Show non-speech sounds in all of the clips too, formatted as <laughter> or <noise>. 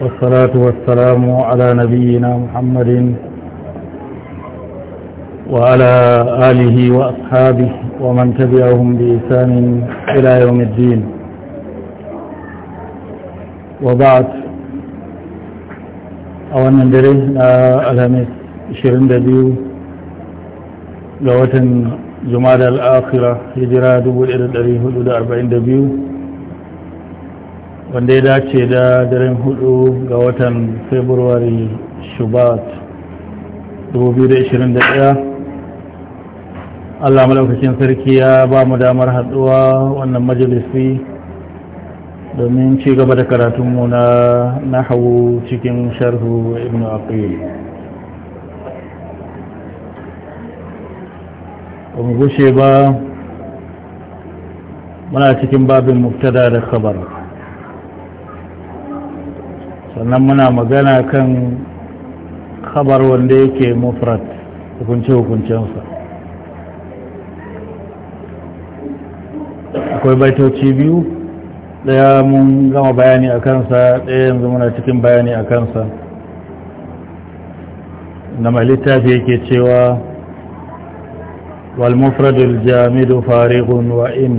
والصلاة والسلام على نبينا محمد وعلى آله وأصحابه ومن تبعهم بإحسان إلى يوم الدين وبعد أولا دريه الهمس 22 ga watan jumada al'akira الأربعين دبيو wanda ya dace da daren hudu ga watan february shubat 2021 allah malaukacin sarki ya ba mu damar haduwa wannan majalisi domin ci gaba da karatunmu na nahawu cikin sharhu ibn aqil ba mu gushe ba muna cikin babin muktada da khabar sannan muna magana kan khabar wanda yake mufrat hukunce-hukuncensa akwai baitoci biyu daya mun gama bayani a kansa daya yanzu muna cikin bayani a kansa na mai littafi yake cewa والمفرد الجامد فارغ وإن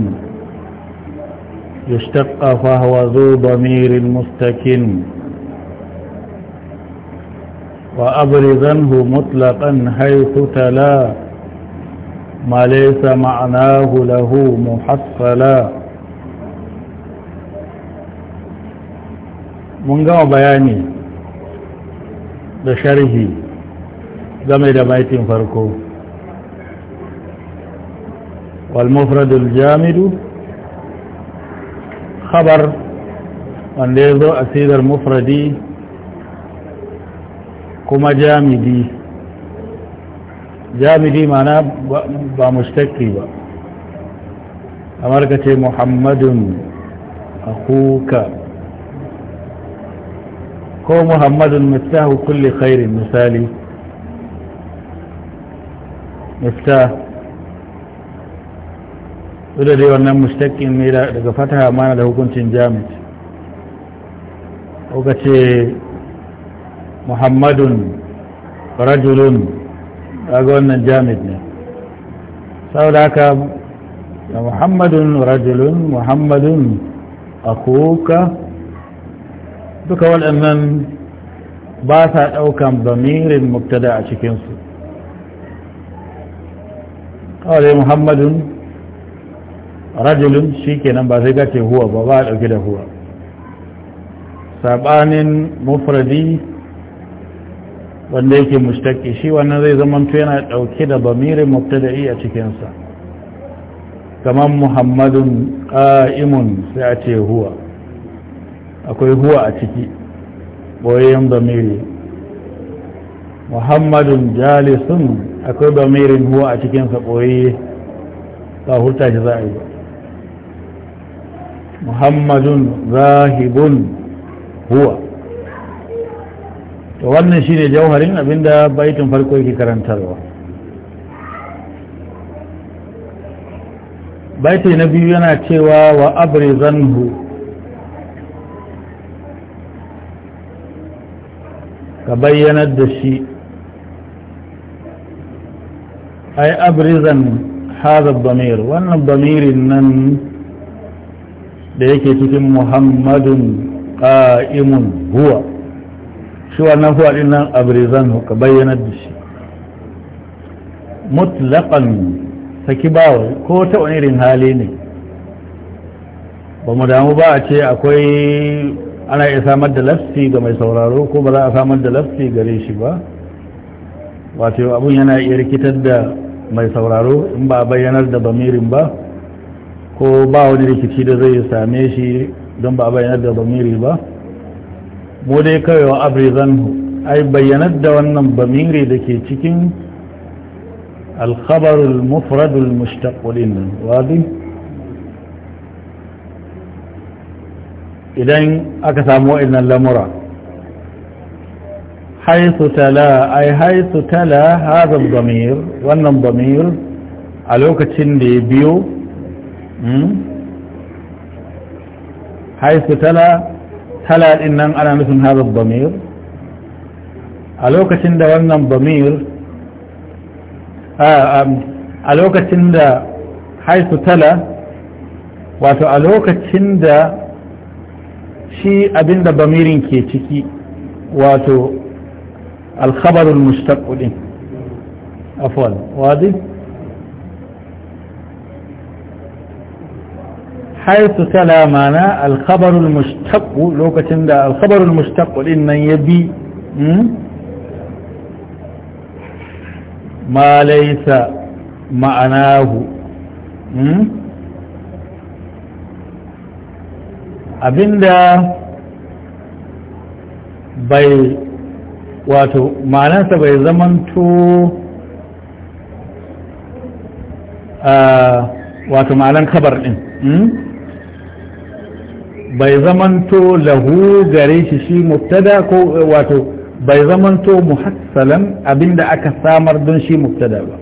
يشتق فهو ذو ضمير مستكن وأبرزنه مطلقا حيث تلا ما ليس معناه له محصلا من قام بياني بشره جميل بيت فرقه والمفرد الجامد خبر وان ليضو أسيد المفردين kuma jamidi jamidi mana ba mushtaki ba kamar ka ce muhammadun akuka ko muhammadun miftahu kulli khairin misali miftah da dai wannan mushtakin ne daga fataha mana da hukuncin jami'i ko ka ce muhammadun rajulun kaga wannan jamid ne sau da aka da muhammadun rajulun muhammadun akuka duka waɗannan ba sa ɗaukan bamirin muktada a cikinsu kawai muhammadun rajulun shi kenan ba sai gace huwa ba ba a ɗauki da huwa saɓanin mufradi wanda yake mushtaki? shi wannan zai zama to yana dauke da bamirin mubtada'i a cikin sa kamar muhammadun qa'imun sai a ce huwa akwai huwa a ciki boyen bamiri muhammadun jalisun akwai bamirin huwa a cikin sa boye ba hurta shi za a yi muhammadun zahibun huwa to wannan shine jawharin abinda baitin farko yake karantarwa baiti na biyu yana cewa wa zanhu ka bayyanar da shi ai abrizan hada bamir wannan bamirin nan da yake cikin muhammadun ƙa'imun huwa shi wannan fuwa din nan birizan ka bayyanar da shi mutlaqan saki bawa ko ta wani irin hali ne ba mu damu ba a ce akwai ana iya samar da lafsi ga mai sauraro ko ba za a samar da lafsi gare shi ba wato abun yana iya rikitar da mai sauraro in ba a bayyanar da bamirin ba ko ba wani rikici da zai same shi don ba bayyanar da bamiri ba mu dai kawai wa abrizan ai bayyanar da wannan bamiri da ke cikin alkhabarul mufradul mushtaqulin wadi idan aka samu wa'innan lamura haisu tala ai haisu tala hazan bamir wannan bamir a lokacin da ya biyo hmm? haisu tala tala din nan ana nufin haɗa bamir a lokacin da wannan bamir a lokacin da haisu tala wato a lokacin da shi abinda bamirin ke ciki wato alkhabarul mustaqudin afwan wadi haitu tala mana alkhabarul mushtaqqu lokacin da alkhabarul mushtaqqu din nan ya bi ma laysa ma'anahu abinda bai wato ma'anarsa bai zamanto wato ma'anar kabar din bai zamanto lahu gare shi shi mubtada ko eh, wato bai zamanto muhassalan abinda aka samar don shi mubtada ba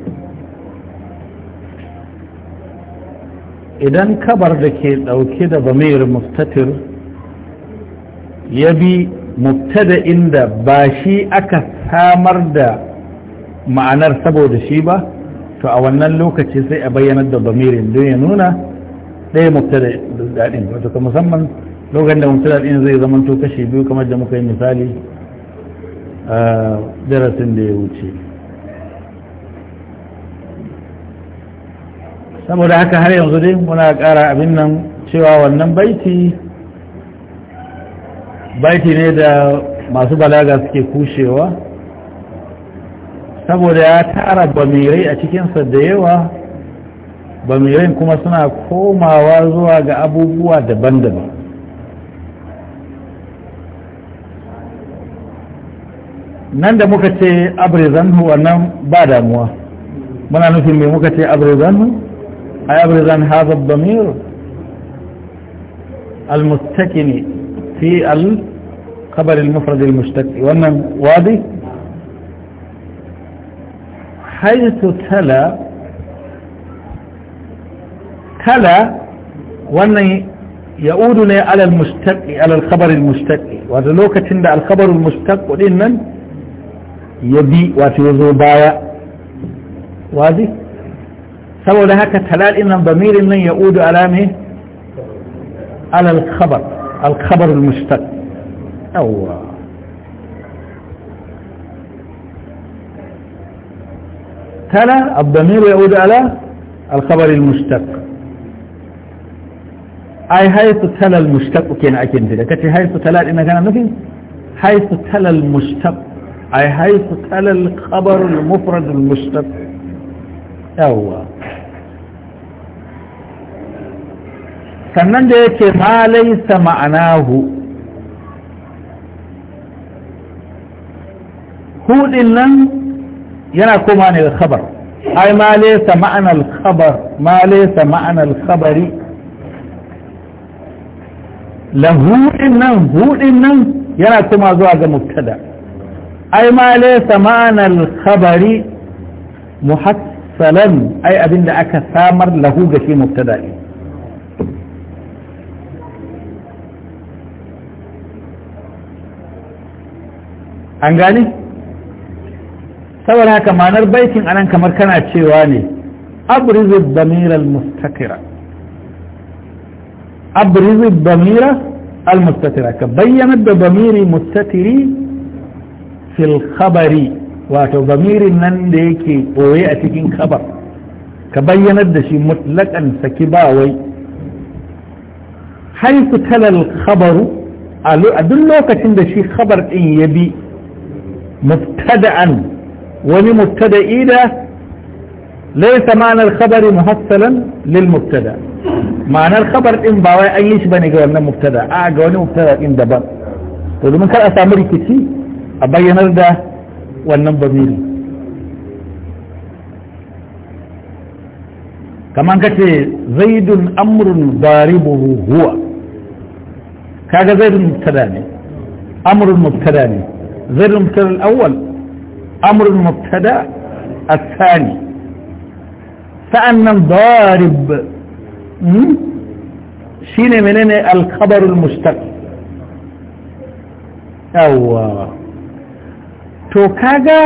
idan kabar da ke dauke da bamir muftatir ya bi mubtada inda ba shi aka samar da ma'anar saboda shi ba to a wannan lokaci sai a bayyanar da bamirin don ya nuna ɗaya mubtada daɗin wato ka musamman lokacin da mubtada ɗin zai zama to kashi biyu kamar da muka yi misali a darasin da ya wuce saboda haka har yanzu dai muna ƙara abin nan cewa wannan baiti baiti ne da masu balaga suke kushewa saboda ya tara bamirai a cikinsa da yawa bamirin kuma suna komawa zuwa ga abubuwa daban-daban nan da muka ce hu wannan ba damuwa muna nufin mai muka ce abrizanhu ai abrizan haza bamir almustakini mustakini fi al-kabar al-mufrad wannan wadi haitu tala كلا وني يؤدنا على المستق على الخبر المستق وهذا لو كتند الخبر المستق من يبي وتيزو بايا وهذه سبب لهك تلال إن الضمير لن يؤد على مه على الخبر الخبر المستق أو تلا الضمير يعود على الخبر المستق أي حيث تلى المشتق كينا أكين دي كتي حيث تلى ان كان نفين حيث تلى المشتق أي حيث تلى الخبر المفرد المشتق أوه سنن دي ما ليس معناه هو إلن ينا كوماني الخبر أي ما ليس معنى الخبر ما ليس معنى الخبر, ما ليس معنى الخبر lahudin nan hudin nan yana kuma zuwa ga mubtada ai ma laysa ma'anal khabari muhassalan ai abinda aka samar lahu ga shi mubtada ne an gani? saboda haka ma'anar baitin anan kamar kana cewa ne abrizu damiral mustakira أبرز الضمير المستتر كبينت بضمير مستتري في الخبر واتو ضمير نن ديكي ويأتكين خبر كبينت دشي مطلقا سكباوي حيث تلا الخبر أدل لوكة دشي خبر إن يبي مبتدأ ولمبتدئ إذا ليس معنى الخبر محصلا للمبتدا معنى الخبر ان باوى ايش بني جوانا مبتدا اه جوانا مبتدا ان دبا تقولوا من خلق اسامري كتي ابين الدا وانن بميري كما انكت زيد امر ضاربه هو كاجا زيد المبتداني امر المبتداني زيد المبتدا الاول امر المبتدا الثاني sa'annan darib hmm? shine menene alkabarul mustaq yawwa to kaga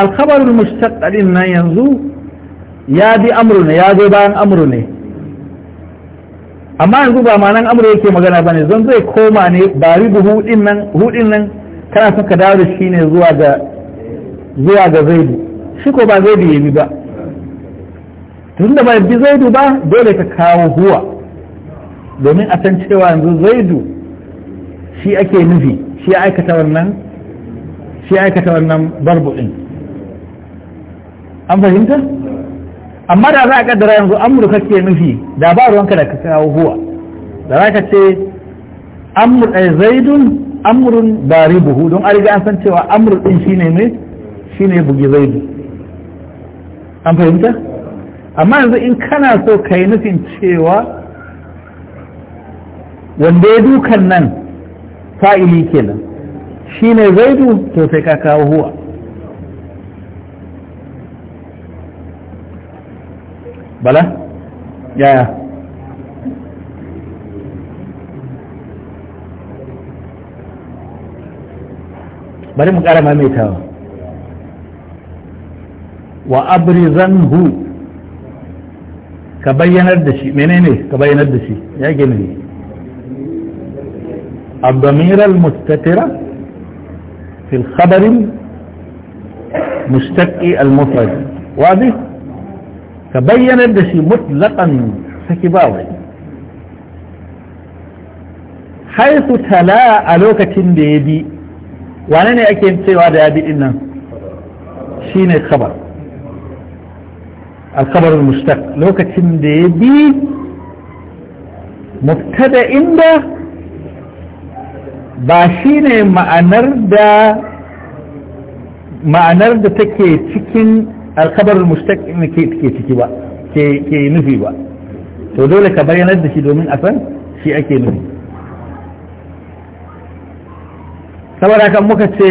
alkabarul mustaq din nan yanzu ya bi amru ne ya zo bayan amru ne amma yanzu ba ma nan amru yake magana bane zan zai koma ne ba bu hudin nan hudin nan kana son dawo shi ne zuwa ga zuwa ga zaidu shi ko ba zaidu yabi ba tun da bai bi zaidu ba dole ka kawo huwa domin a san cewa yanzu zaidu shi ake nufi shi aikata wannan shi aikata wannan barbuɗin an fahimta amma da za a kaddara yanzu amurka ke nufi da ba ruwanka da ka kawo huwa da za ka ce eh, zaidun amrun baribuhu don a riga an san cewa amrun din shine ne shine bugi zaidu an fahimta amma yanzu in kana so ka yi nufin cewa wanda ya dukan nan fa'ili kenan shi ne zaidu to sai ka kawo huwa bala yaya bari mu ƙara maimaitawa wa abrizan hu ka bayyanar da shi menene ka bayyanar da shi ya gini الضمير المستتر في الخبر المشتق المفرد واضح تبين الدشي مطلقا سكباوي حيث تلا ألوكة بيدي وانا اكيد سيوا دابي إنا شين الخبر الخبر المشتق لو كتم دي بي مبتدا ده باشينه معنر ma'anar da take cikin alkabar mustaq ke ciki ba ke nufi ba to dole ka bayyanar da shi domin a san shi ake nufi saboda kan muka ce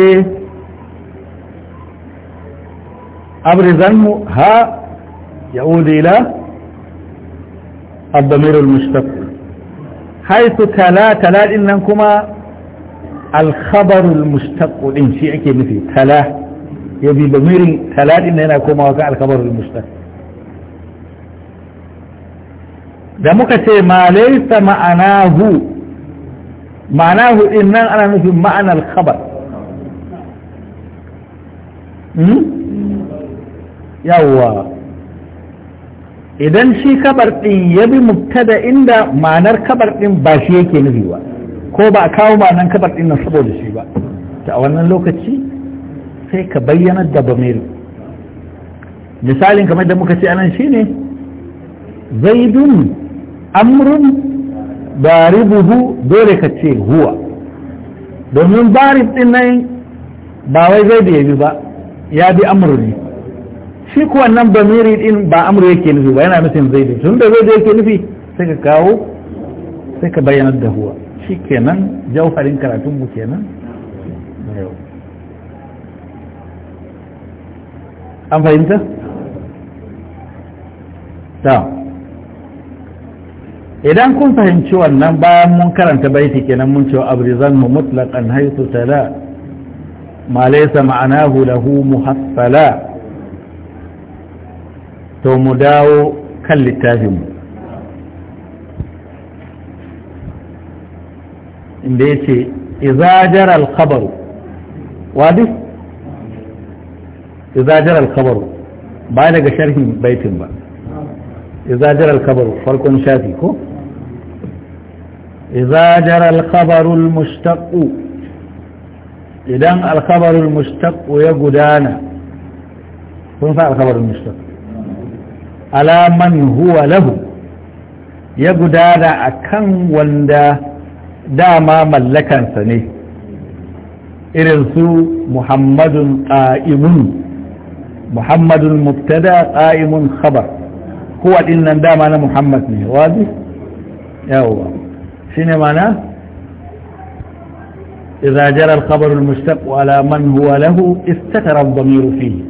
abrizanmu ha يعود إلى الضمير المشتق حيث تلا تلا إنكما الخبر المشتق إن شيء مثل تلا يبي ضمير تلا إنكما وقع الخبر المشتق da muka ce ma laisa ma'anahu ma'anahu أنا nan ana nufin ma'anar khabar yawwa idan shi kabar ɗin ya bi mubtada inda ma'anar kabar ɗin ba shi yake nufi ba ko ba a kawo ma'anar kabar ɗin nan saboda shi ba ta a wannan lokaci sai ka bayyana da bamiri misalin kamar da muka ce anan shine zaidun amrun baribuhu dole ka ce huwa domin barib ɗin nan ba wai zaidu ya bi ba ya bi amru ne shi ko wannan miri din ba amru yake nufi ba yana nufin zaidu tun da zai yake nufi sai ka kawo sai ka bayyanar da huwa shi kenan jauharin karatunmu kenan an fahimta? ta idan kun fahimci wannan bayan mun karanta baiti kenan mun cewa abrizan mu mutlaqan haythu tala ma laysa ma'anahu lahu muhassala to mu dawo kan littafinmu inda ya ce izajar alkhabaru wadi izajar alkhabaru ba daga sharhin baitin ba izajar alkhabaru farkon shafi ko izajar alkhabarul mustaqqu idan alkhabarul mustaqqu ya gudana kun sa alkhabarul mustaqqu ala man huwa lahu ya gudana akan wanda dama mallakansa ne irin su muhammadun ƙa'imun muhammadun mubtada ƙa'imun khabar kowa dinnan dama na muhammad ne wazi yawwa shi ne mana إذا جرى الخبر المشتق على من هو له استتر الضمير فيه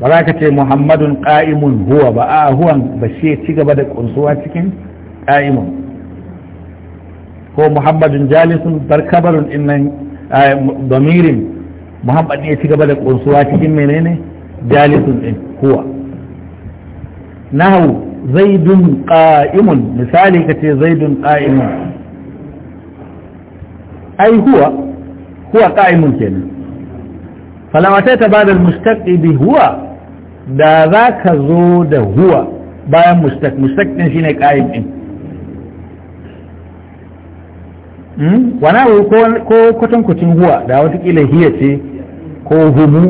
ba za ka ce muhammadun ƙa'imun huwa ba a huwan ba shi ya ci gaba da ƙunsuwa cikin ƙa'imun ko muhammadun jalisun barkabarun innan domirin muhammad ya ci gaba da ƙunsuwa cikin menene jalisun ɗin huwa nahu zaidun ƙa'imun misali ka ce zaidun ƙa'imun ai huwa huwa ƙa'imun kenan falamata ta bada da mustaqi bi huwa da za ka zo da huwa bayan mustaq mustaq din shine qaim din hmm wana ko ko kwatankwacin huwa da watakila hiya ce ko humu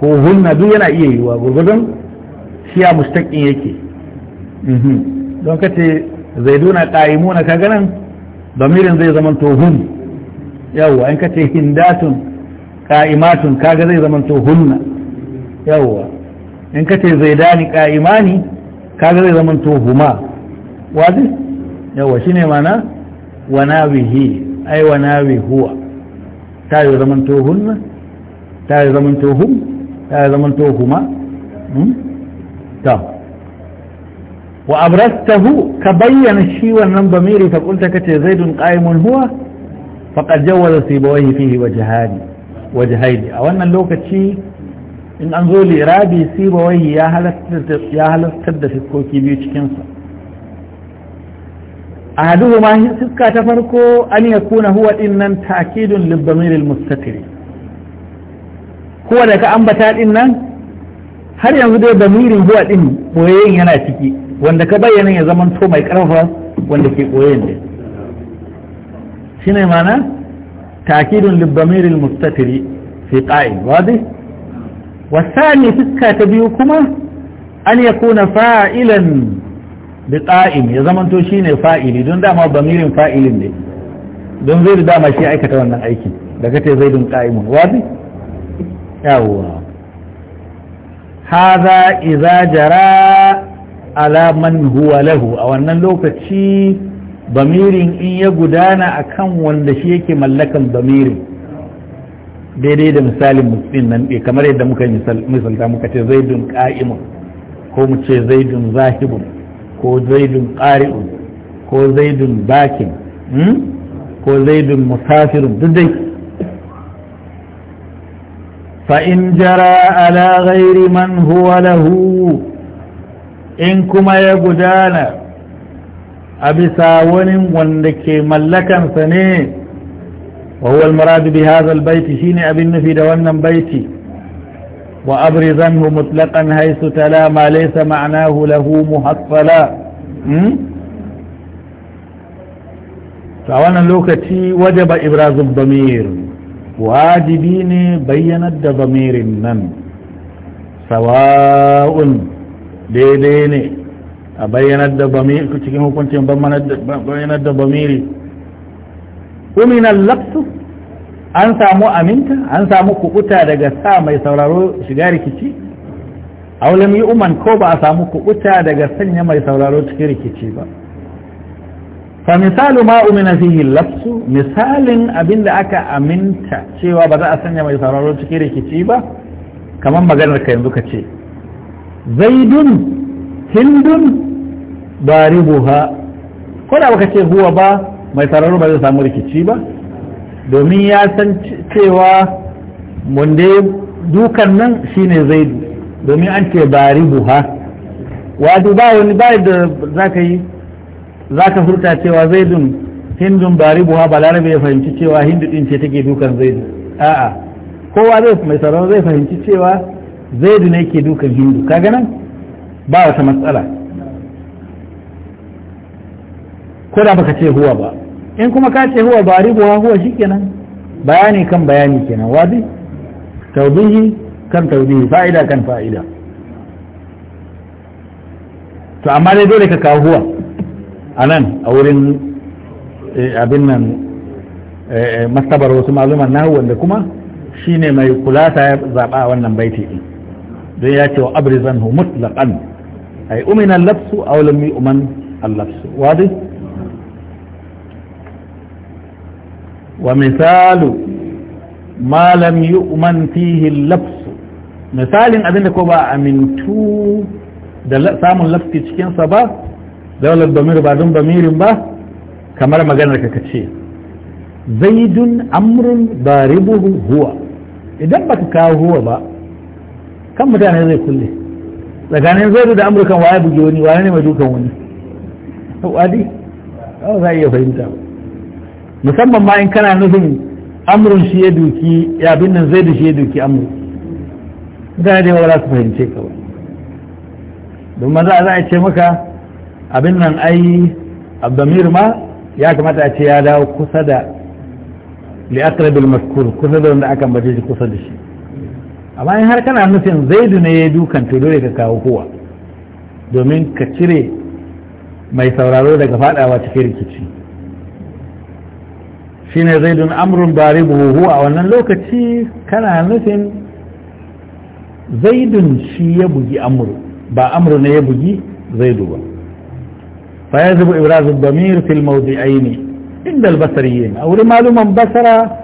ko hunna duk yana iya yiwa gurgurdun shiya mustaqin yake don kace zaiduna qaimuna ka ganin damirin zai zama to hun yawwa in kace hindatun ka'imatun kaga zai zama to hunna yawwa in ka ce zaidani ka'imani kaga zai zama to huma wazi yawwa shine mana wana wanawihi ai bi huwa ta yi zaman to hunna ta yi zaman to hum ta yi zaman to huma hmm? ta wa abrastahu ka bayyana shi wannan bamiri ka kunta kace zaidun qa'imun huwa faqad jawaza sibawayhi fihi wajhani wajhaini a wannan lokaci in an zo lirabi sibawai ya halartar da fiskoki biyu cikinsa a haduhu ma fiska ta farko an ya kuna huwa din nan takidun libbamirin mustatiri kuwa da ka ambata nan har yanzu da damirin huwa din boyayyen yana ciki wanda ka bayyana ya zama to mai karfa wanda ke boyayyen ne shi ne mana تأكيد للضمير المستتر في قائل واضح والثاني فكة تبيكما أن يكون فائلا بقائم يا زمن توشين فائل دون دام ضمير فائل دي دون غير دام شيء عيكة وانا عيكي لكت زيد قائم واضح يا هذا إذا جرى على من هو له أو أن اللوكة شيء bamirin in ya gudana a kan wanda shi yake mallakan bamirin daidai da misalin musulmin nan eh, kamar yadda muka misalta muka ce zaidun ka'imun ko mu ce zaidun zahibun ko zaidun ƙari'un ko zaidun bakin hmm? ko zaidun musafirun duk dai fa'in jara ala ghairi man huwa lahu in kuma ya gudana a bisa wani wanda ke mallakansa ne wa huwa al baiti bi shine abin nufi da wannan baiti wa abrizanhu mutlaqan haythu tala ma laysa ma'nahu lahu muhassala hmm? a wannan lokaci ba ibrazul damir wajibi ne bayyanar da zamirin nan sawa'un daidai ne a bayyanar da bamiri cikin hukuncin bayyanar da bamiri umina lafsu an samu aminta an samu kukuta daga sa mai sauraro shiga rikici aulam yi uman ko ba a samu kubuta daga sanya mai sauraro cikin rikici ba fa misalu ma umina fihi lafsu misalin abinda aka aminta cewa ba za a sanya mai sauraro cikin rikici ba kamar maganar ka yanzu ka ce zaidun hindun buha ko da baka ce huwa ba mai sararru ba zai samu rikici ba domin ya san cewa munde dukan nan shine zai domin an ce baribuha wato ba wani ba da zaka yi zaka furta cewa zaidun hindun buha ba larabe ya fahimci cewa hindu din ce take dukan zaidu a'a kowa zai mai sararru zai fahimci cewa zaidu ne ke dukan hindu kaga nan ba wata matsala ko da baka ce huwa ba in kuma ka ce huwa ba wa huwa shikenan bayani kan bayani kenan wadi taudihi kan taudihi fa'ida kan fa'ida to amma dai dole ka kawo huwa a nan a wurin eh, abin nan eh, eh, mastabar wasu maluman nahu da kuma shine mai kulata ya zaɓa wannan baiti din don ya ce wa abrizanhu mutlaqan أي أمن اللبس أو لم يؤمن اللبس واضح ومثال ما لم يؤمن فيه اللبس مثال أبنى كوبا أمنتو سام اللبس تشكين صبا دولة ضمير بعدهم ضمير با كما ما قلنا كتشي زيد أمر ضاربه هو إذا بك هو با كم متى هذا كله tsakanin zaidu da amurkan waye buge wani waye ne mai dukan wani wadi ba za a iya fahimta musamman ma in kana nufin amurin shi ya duki ya binnan zai da shi ya duki amur mutane da yawa za su fahimce ka ba domin za a ce maka abin nan ai abdamir ma ya kamata a ce ya dawo kusa da li'akrabil maskur kusa da wanda aka bace shi kusa da shi amma in har kana nufin zaidu ne ya dukan to dole ka kawo kowa domin ka cire mai sauraro daga fadawa cikin rikici shine zaidun amrun baribu huwa a wannan lokaci kana nufin zaidun shi ya bugi amru ba amru ne ya bugi zaidu ba fa yajibu ibrazu damir fil mawdi'aini inda al-basariyin a wurin maluman basara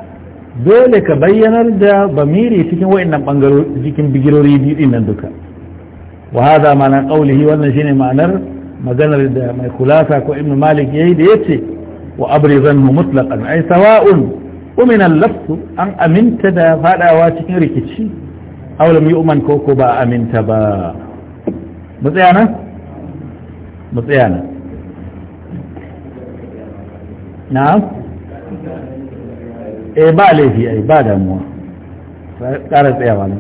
dole ka bayyanar da bamiri cikin wa'annan bangarori cikin bigirori biyu din nan duka wa hada ma'anar qaulihi wannan shine ma'anar maganar da mai kulasa ko ibnu malik yayi da yace wa abrizanhu mutlaqan ay sawa'un umina al-lafz an aminta da fadawa cikin rikici aw lam yu'man ko ko ba aminta ba mutsayana mutsayana na'am E ba laifi ai ba damuwa ƙara tsayawa ne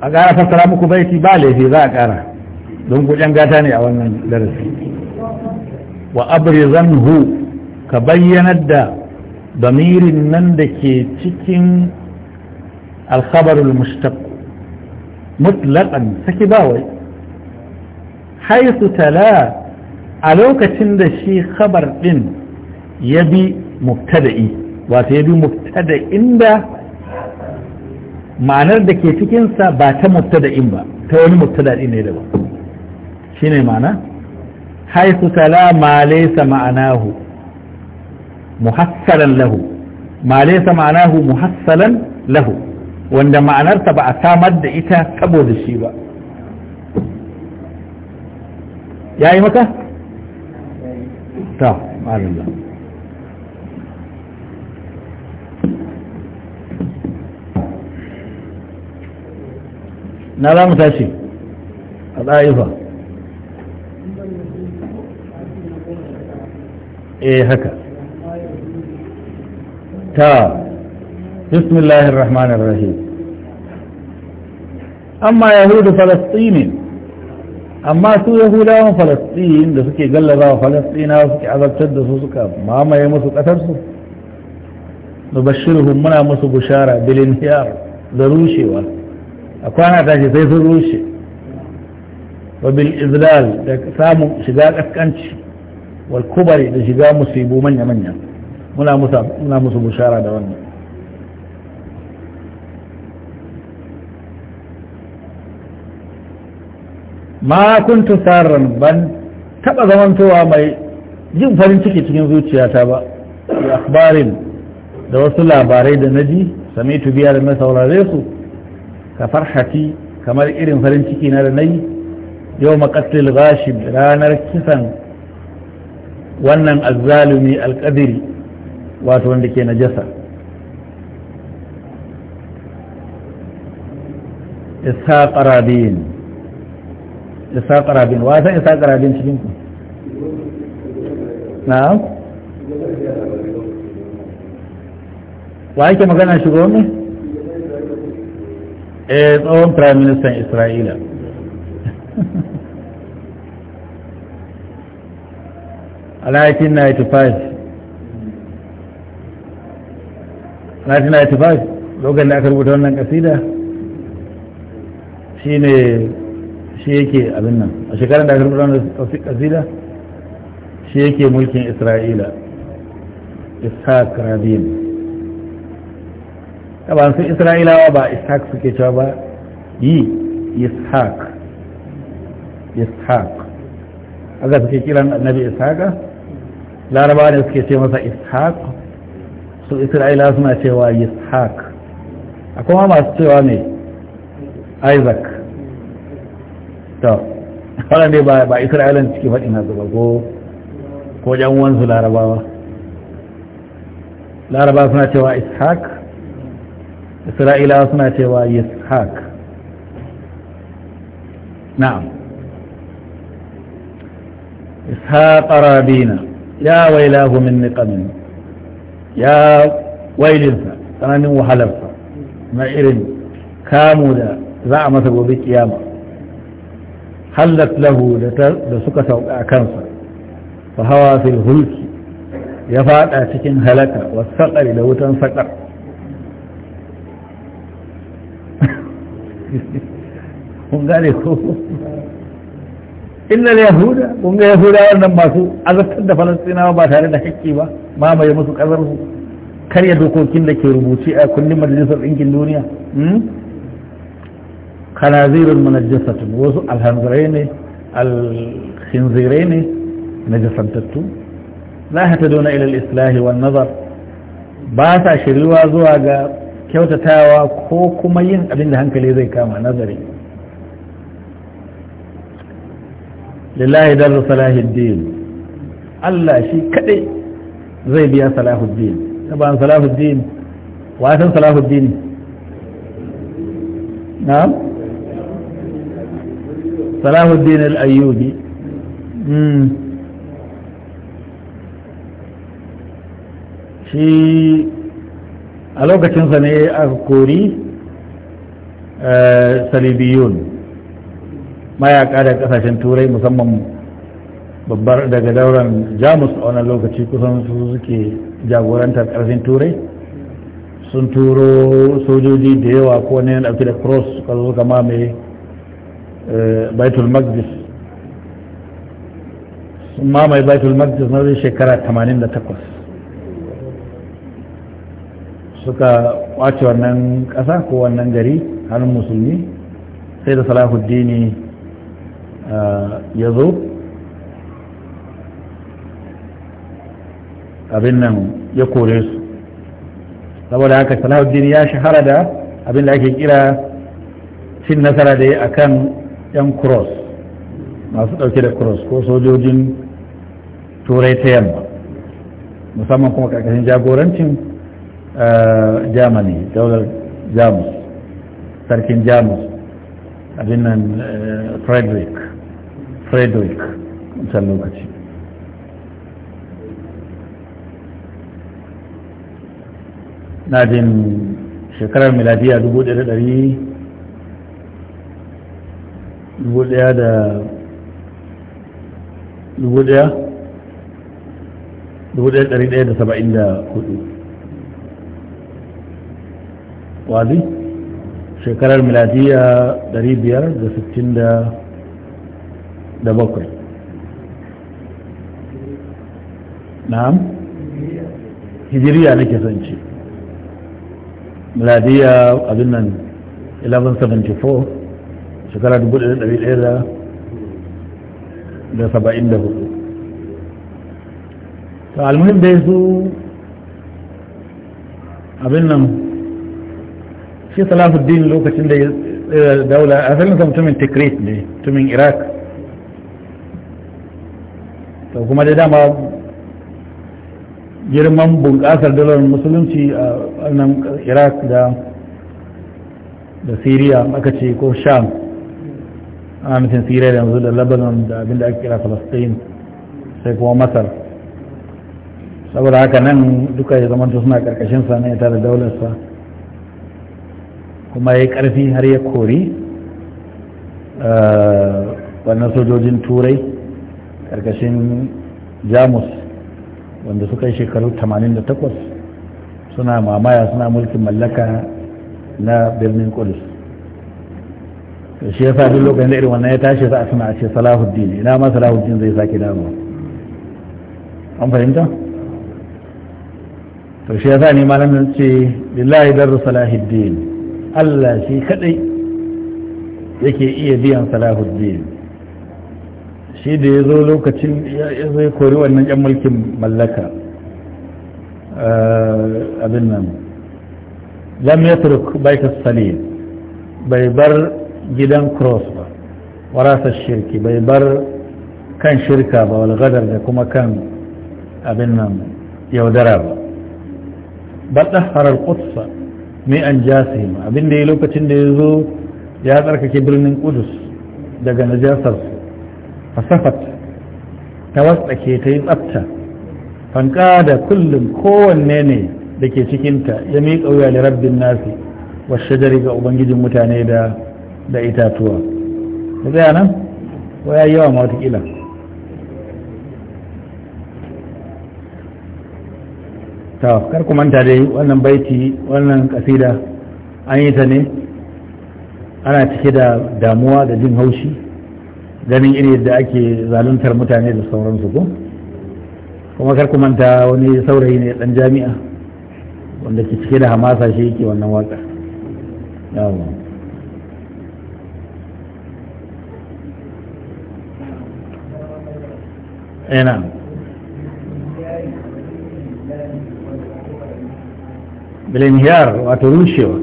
a ƙara fassara muku baiti ba laifi za a ƙara don gujen gata ne a wannan darasi wa Hu ka bayyanar da damirin nan da ke cikin alkhabarul mustaq mutlaqan saki bawai haisu tala a lokacin da shi khabar din ya bi mubtada'i wato ya bi mubtada'in da ma'anar da ke cikinsa ba ta mubtada'in ba ta wani mubtada'i ne daban shine ma'ana haisu tala ma laysa ma'anahu muhassalan lahu ma laysa ma'anahu muhassalan lahu wanda ma'anarsa ba a samar da ita saboda shi ba ya yi maka? ta ma'anar na za mu tashi a ɗa'ifa eh haka ta bismillahir rahmanir rahim amma yahudu falastini amma su yahudawan Falastini da suke gallaza wa falastinawa suke azabtar da su suka mamaye musu ƙasarsu nubashirhum muna musu bushara bilin da rushewa a kwana tashi sai sun rushe wa bil izlal da samun shiga kaskanci wal kubari da shiga musibu manya-manya muna musu bushara da wannan ma kuntu sarran ban taɓa zamantowa mai jin farin ciki cikin zuciyata ba da akbarin da wasu labarai da naji samitu biya da na saurare su ka farhati kamar irin farin ciki na da nayi yau maƙasil gashi ranar kisan wannan azzalumi alƙadiri wato wanda ke najasa isa ƙarabin wasan isa ƙarabin na wa yake magana shugaban ne eh tsohon prime minister isra'ila a 1995 1995 lokacin da aka rubuta wannan kasida shi ne shi yake abin nan a shekarar da aka rubuta wannan kasida shi yake mulkin isra'ila ishaq rabin ba sun isra'ilawa ba ishaq suke cewa ba yi ishaq ishaq aga suke kiran annabi ishaqa laraba ne suke ce masa ishaq su isra'ila suna cewa ishaq akwai masu cewa ne isaac to wannan ne ba isra'ilan ciki faɗi na zuba ko ko jan wanzu larabawa Larabawa suna cewa ishaq إسرائيل أصنع شواء يسحاك نعم إسحاق أرابينا يا ويلاه من نقم يا ويل نوح تنمي ما مئر كامو دا زعمة وبكيامة حلت له لسكة وأعكنسة فهوى في الهلك يفعل أتكين هلك والسقر لو تنسكر <laughs> kun gane ko illa kun wannan masu azabtar da falastinawa ba tare da hakki ba mamaye musu kasar karya dokokin da ke rubuci a kullum majalisar ɗinkin duniya hmm? kanazirin munajjasatun wasu alhanzirai hata islahi wan nazar ba sa shiriwa zuwa ga kyautatawa ko kuma yin abin da hankali zai kama nazari lillahi darru salahuddin Allah shi kadai zai biya salahuddin taban salahuddin wasan salahuddin na'am salahuddin al-ayyubi hmm. shi a lokacinsa ne a kori eh, salibiyun mayaka da kasashen turai musamman babbar daga dauran jamus a wani lokaci kusan su suke jagorantar karfin turai sun turo sojoji da yawa ko ne na ɗauki da cross suka zo kama mai eh, baitul magdis sun mamaye baitul magdis na zai shekara 88 suka kwace wannan ƙasa ko wannan gari hannun musulmi sai da salahuddini uh, ya zo abin nan ya kore su saboda haka salahuddini ya shahara da abin da ake kira cin nasara da ya kan 'yan cross masu ɗauke da cross ko sojojin turai ta yamma musamman kuma ƙarƙashin jagorancin germany daular jamus sarkin jamus abin nan frederick frederick wancan lokaci na jin shekarar miladiya 1100 da dubu daya dubu ɗaya ɗari ɗaya da saba'in da hudu wazi shekarar miladiya 567 na'am hijiriya nake son ce miladiya abin nan 1174 shekarar 1174 to almuhim dai su abin nan shi salafuddin lokacin da ya eh, daula asalin sa mutumin tikrit ne mutumin iraq to kuma da dama girman bunƙasar dalar musulunci a wannan iraq da da syria aka ce ko sham ana mutum syria da yanzu da lebanon da abinda ake kira palestine sai kuma masar saboda haka nan duka ya zamanta suna karkashin sa ne tare da daular sa kuma ya yi ƙarfi har ya kori eh, wannan sojojin turai ƙarƙashin jamus wanda suka yi shekaru 88 suna mamaya suna mulkin mallaka na birnin kudus shi ya sa duk lokacin da irin wannan ya tashi za a suna a ce salahuddin ina ma salahuddin zai sake dawo an fahimta to shi ya sa ni malamin ce lillahi darru salahuddin Allah shi kadai yake iya biyan salahuddin shi da ya zo lokacin ya zai kori wannan yan mulkin mallaka eh, abin nan lam yatruk baitas salim bai bar gidan cross ba warasa shirki bai bar kan shirka ba walgadar da kuma kan abin nan yaudara ba بل دهر mai an yi abin da ya lokacin da ya zo ya tsarkake birnin kudus daga najasar fasafat ta wasake ta yi tsafta fanka da kullum kowanne ne da ke cikinta ya miƙa wuya da rabbin nasi wasu jari ga ubangijin mutane da itatuwa da tsaya nan ko ya yi yawa kila ta kar ku manta dai wannan baiti wannan kasida an yi ta ne ana cike da damuwa da jin haushi ganin irin yadda ake zaluntar mutane da sauransu ko kuma kar ku manta wani saurayi ne dan jami'a wanda ke cike da hamasa shi yake wannan waka yawon eh, بالانهيار وتنشئه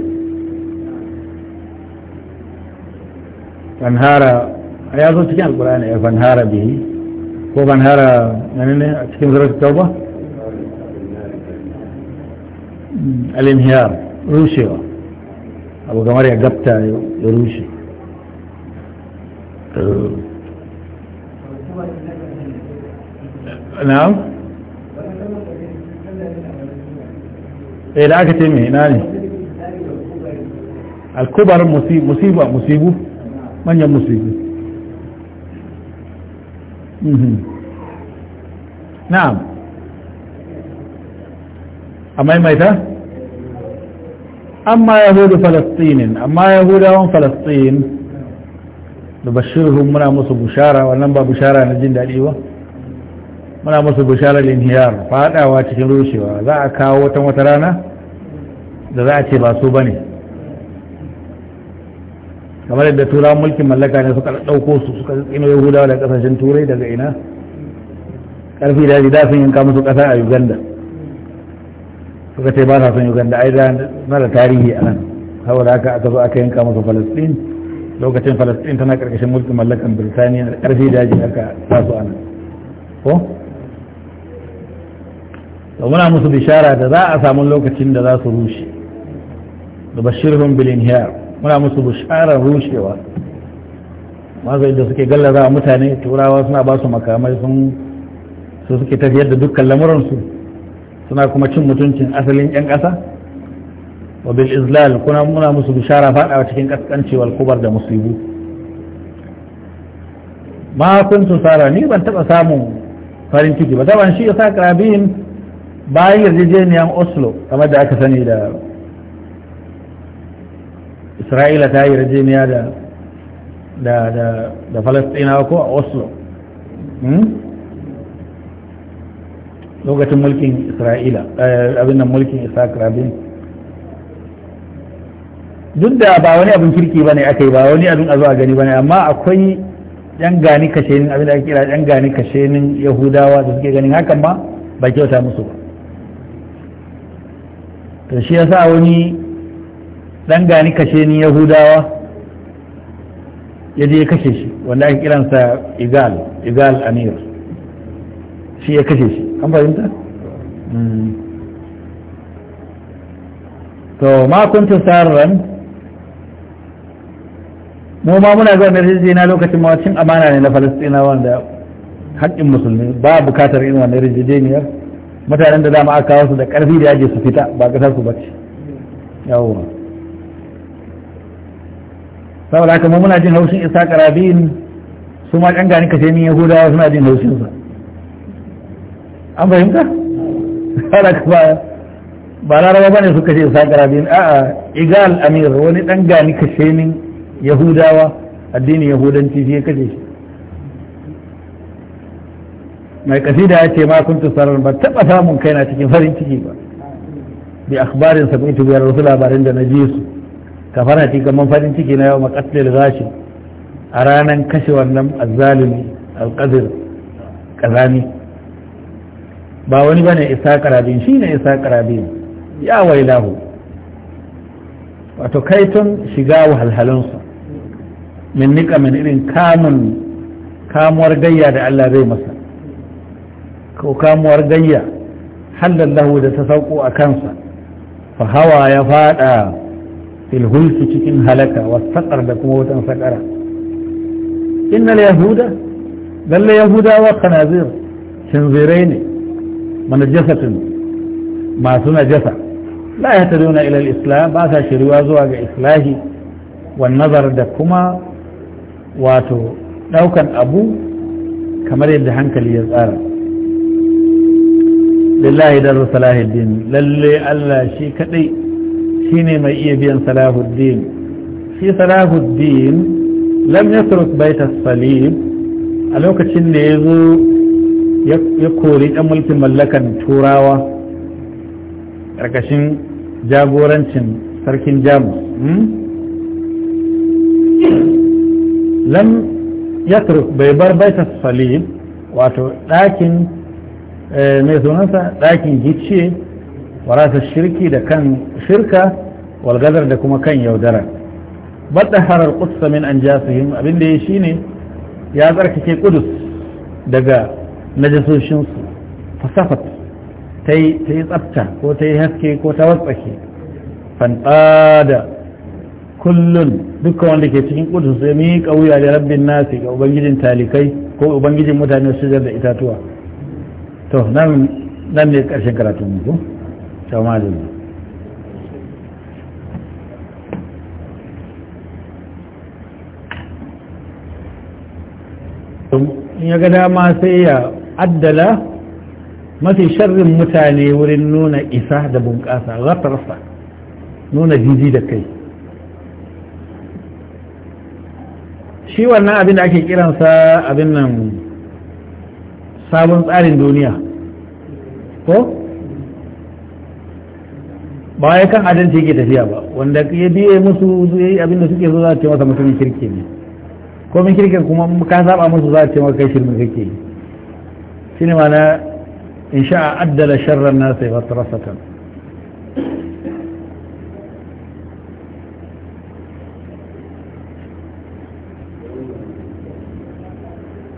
فانهار يا ظلت كان القرآن فانهار به هو فانهار يعني تكلم سورة التوبة الانهيار روسي أبو قمر يقبت روسي نعم E da aka ce mai ina ne alkubar musiba musibu manyan musibu mhm. na'am a maimaita amma yahudu falastinin amma yahudawan falastin da bashirhun muna musu bushara wannan ba bushara na jin daɗi ba muna musu da inhiyar fadawa cikin rushewa za a kawo wata wata rana da za a ce ba su ba ne kamar yadda turawan mulkin mallaka ne suka ɗauko su suka tsino yahudawa da ƙasashen turai daga ina ƙarfi da ji dafin yanka musu ƙasa a uganda suka ce ba sa son uganda ai na da tarihi a nan saboda haka aka zo aka yanka musu falastin lokacin falastin tana ƙarƙashin mulkin mallakan birtaniya da ƙarfi daji aka taso a nan ko da muna musu bishara da za a samu lokacin da za su rushe da bashirhum bilin inhiyar muna musu bisharar rushewa masu da suke gallaza mutane turawa suna ba su makamai sun su suke tafiyar da dukkan lamuransu suna kuma cin mutuncin asalin 'yan ƙasa wa bil izlal kuna muna musu bishara faɗawa cikin kaskancewar kubar da musibu ma kuntu tsara ni ban taɓa samun farin ciki ba ban shi ya sa ƙarabihin bayan yarjejeniyar oslo kamar da aka sani da isra'ila ta yi rajeniya da da da da falastinawa ko a oslo hmm? lokacin mulkin isra'ila eh, abin nan mulkin isaac rabin duk da ba wani abin kirki ba ne aka yi ba wani abin a zuwa gani ba ne amma akwai yan gani kashenin abin da ake kira yan gani kashenin yahudawa da suke ganin hakan ba ba kyauta musu ba to shi yasa wani dan gani kashe ni yahudawa ya je kashe shi wanda kiransa igal igal amir shi ya kashe shi an fahimta hmm. to ma kuntu sarran mu ma muna ga wannan na lokacin ma cin amana ne na falastinawa wanda haƙƙin musulmi ba bukatar irin wannan rijidiniyar mutanen da dama aka kawo su da karfi da yaje su fita ba kasar su bace yawo saboda haka mu muna jin haushin isa karabin su ma kan gani kashe ni yahudawa suna jin haushin sa an fahimta saboda ba ba laraba bane su kashe isa karabin a'a igal amir wani dan gani kashe ni yahudawa addinin yahudanci shi ya kashe shi mai kasida ya ce ma kuntu sarar ba taɓa samun kaina cikin farin ciki ba bi akhbarin sabin tu biyar wasu labarin da na ji su ka fara kaman farin ciki na yau maqatil gashi a ranan kashe wannan azzalimi alqadir kazani ba wani bane isa karabin shine isa karabin ya wailahu wato kaitun shiga wahalhalunsa min nika min irin kamun kamuwar gayya da Allah zai masa ko kamuwar gayya hannan lahu da ta sauko a kansa fa hawa ya fada filhulki cikin halaka wasaƙar da kuma wutan saƙara innal yahuda lalle yahudawa kanazir shinzirai ne manajasatin masu najasa la ya taduna ila islam ba sa shiriwa zuwa ga islahi wan nazar da kuma wato ɗaukan abu kamar yadda hankali ya tsara lillahi dar salahuddin lalle Allah shi kadai shine mai iya biyan salahuddin shi salahuddin lam yasruk baita salim a lokacin da ya zo ya kori dan mulkin mallakan turawa karkashin jagorancin sarkin jamus hmm? lam bai bar baita salim wato ɗakin Eh, mai sunansa ɗakin gicce warasa shirki da kan shirka walgazar da kuma kan yaudara baɗa harar ƙusa min an Abin abinda ya shine ya tsarkake ƙudus daga najasoshinsu fasafat ta yi tsafta ko ta yi haske ko ta watsake fanɗada kullum dukkan wanda ke cikin ƙudus ya miƙa wuya da rabbin nasi ga ubangijin talikai ko ubangijin mutane su da itatuwa to nan ne karshen karatun muku malin in ya ga dama sai ya addala mafi sharrin mutane wurin nuna isa da bunƙasa rafarsa nuna jiji da kai shi wannan abin da ake kiransa abin nan sabon tsarin duniya ko ba ya kan adalci yake tafiya ba wanda ya biye musu ya yi abinda suke zo za a ce masa mutumin kirki ne ko min kirkin kuma ka saba musu za a ce maka kai shirme kake yi shine mana in sha'a addala sharran nasa wa tarasatan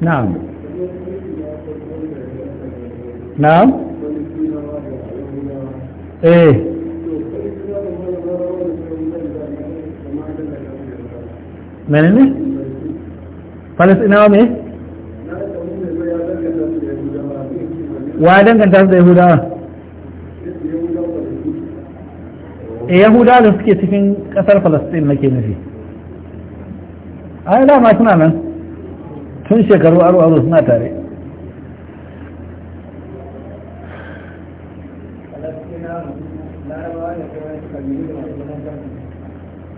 na'am na'am eh mene ne falasinawa ne wa danganta su da yahudawa e yahudawa da suke cikin kasar falastin nake nufi ai dama suna nan tun shekaru aro aro suna tare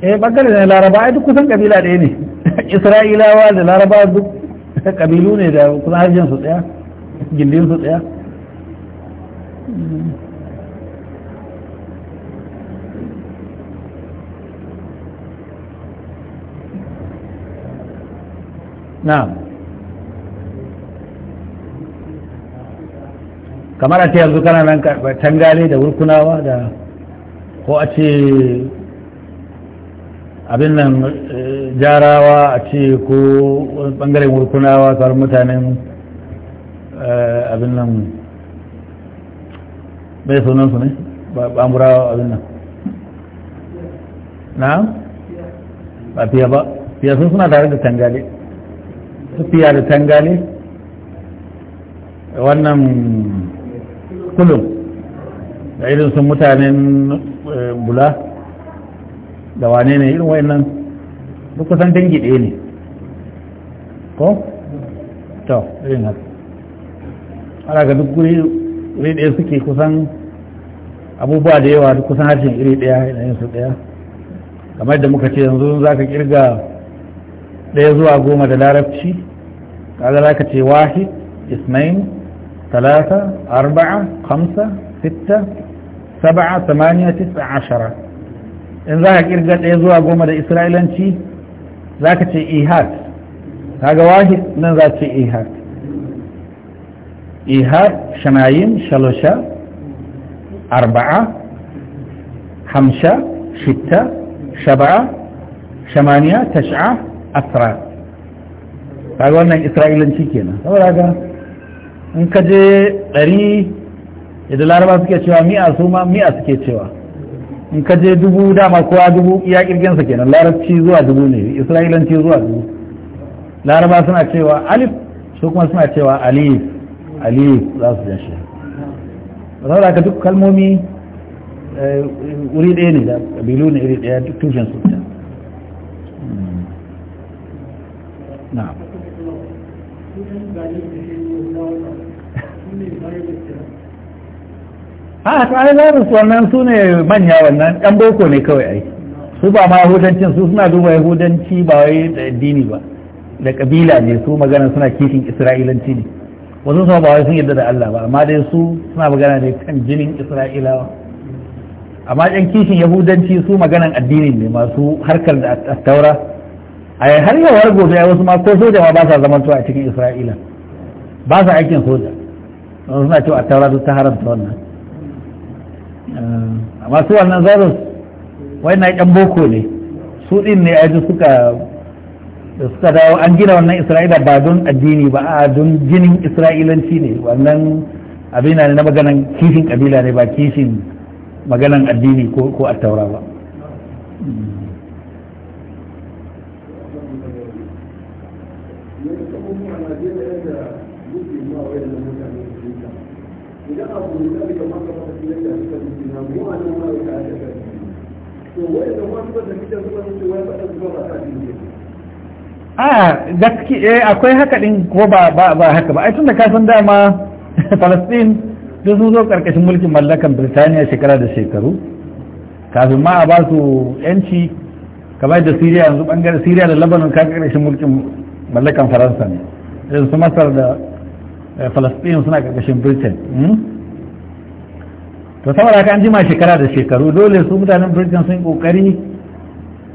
eh bangare ne laraba ai duk kusan kabila ɗaya ne <laughs> isra'ilawa da laraba duk <laughs> kabilu ne da kusan harjin su tsaya gindin su tsaya na'am kamar a ce yanzu kana nan tangale da wurkunawa da ko a ce abin nan eh, jarawa a ce ko bangaren wurkunawa sauran mutanen eh, abin nan bai sunansu ne bamburawa abin nan na ba fiya ba fiya sun suna tare da tangale su fiya da tangale wannan kulun da irin sun mutanen eh, bula da wane ne irin wayannan duk kusan dangi ɗaya ne ko? to irin haka ana ga duk guri iri ɗaya suke kusan abubuwa da yawa duk kusan harshen iri ɗaya yin su ɗaya kamar da muka ce yanzu za ka kirga ɗaya zuwa goma da larabci kaga za ka ce wahi ismail talata arba'a kamsa sita saba'a samaniya tisa ashara in za ka kirga ɗaya zuwa goma da isra'ilanci za ka ce ihad kaga wahid nan za ce ihad ihad shanayin shalosha arba'a hamsha shitta shaba'a shamaniya tash'a asra kaga wannan isra'ilanci kenan saboda ga in ka je ɗari idan laraba suke cewa mi'a su ma mi'a suke cewa in ka je dubu dama kowa dubu iya kirgensa kenan larabci zuwa dubu ne isra'ilanci zuwa dubu laraba suna cewa alif su kuma suna cewa alif alif za su jan shi saboda ka duk kalmomi eh, wuri ɗaya ne da kabilu ne iri ɗaya duk tushen su hmm. na a ta ai zarin su wannan su ne manya wannan yan boko ne kawai ai su ba ma yahudancin su suna duba yahudanci ba wai da addini ba da kabila ne su magana suna kishin isra'ilanci ne wasu sama ba wai sun yadda da Allah ba amma dai su suna magana ne kan jinin isra'ilawa amma yan kishin yahudanci su maganan addini ne masu harkar da taura a har yawar gobe wasu ma ko soja ma ba sa zamantowa a cikin isra'ila ba sa aikin soja suna cewa a taura ta haramta wannan masu wannan zarus wai na yan boko ne su din ne aji suka da suka dawo an gina wannan isra'ila ba don addini ba a don jinin isra'ilanci ne wannan abin ne na maganan kishin kabila ne ba kishin maganan addini ko a taura ba hmm. a eh, akwai haka din ko ba ba ba haka ba ai da ka san dama <laughs> Palestine duk sun zo karkashin mulkin mallakan Birtaniya shekara da shekaru kafin ma a ba su yanci kamar da Syria yanzu bangaren Syria da Lebanon ka karkashin mulkin mallakan Faransa ne yanzu Masar da eh, Palestine suna karkashin Britain hmm? to saboda haka an jima shekara da shekaru dole su mutanen Britain sun kokari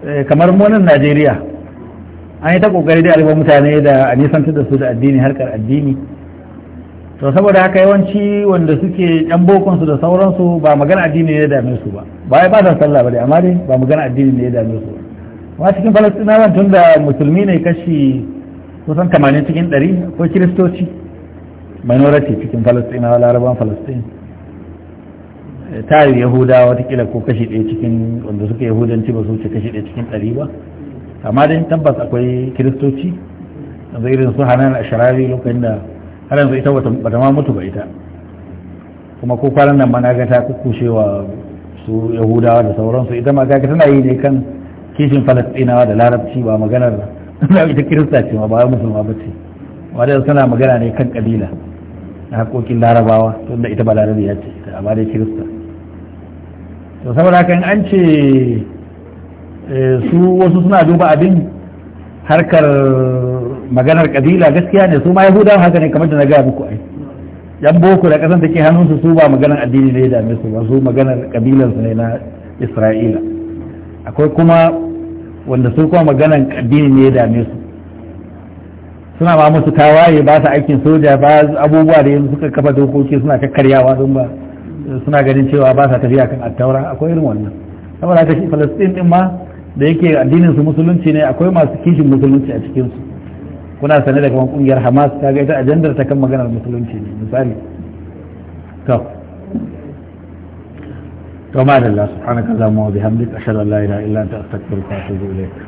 eh, kamar monin Najeriya an yi ta kokari da alba mutane da a nisan da su da addini harkar addini to saboda haka yawanci wanda suke yan bokonsu da sauransu ba magana addini ne ya dame su ba ba ba sa sallah ba dai amma dai ba magana addini ne ya dame su ba cikin falastinawa tun da musulmi ne kashi kusan 80 cikin 100 ko kiristoci minority cikin falastinawa laraban falastin eh, yi yahudawa watakila ko kashi ɗaya cikin wanda suka yahudanci ba su wuce kashi ɗaya cikin ɗari ba amma dai tabbas akwai kiristoci yanzu irin su hanan asharari lokacin da har yanzu ita bata ma mutu ba ita kuma ko kwanan nan mana ga ta kukushewa su yahudawa da sauransu ita ma ga tana yi ne kan kishin falastinawa da larabci ba maganar da <laughs> ita kirista ce ma ba musulma ba ce amma dai suna magana ne kan kabila na haƙoƙin larabawa tunda ita ba larabiya ce amma dai kirista to saboda haka an ce Eh, su wasu suna duba abin harkar maganar kabila gaskiya ne su ma yahudawa haka ne kamar da na gaya muku ai yan boko da kasan take hannunsu su ba maganar addini ne da su ba su maganar kabilar su ne na isra'ila akwai kuma wanda su kuma maganar addini ne da su suna ma musu tawaye ba su aikin soja ba abubuwa da yanzu suka kafa dokoki suna kakkaryawa don ba suna ganin cewa ba sa tafiya kan attaura akwai irin wannan saboda haka shi falastin din ma da yake addinin su musulunci ne akwai masu kishin musulunci a cikin su kuna sane da kamar kungiyar Hamas ta ga ita ajandar ta kan maganar musulunci ne misali to to ma da Allah subhanahu wa ta'ala mu bihamdika ashhadu an la ilaha illa anta astaghfiruka wa atubu ilayk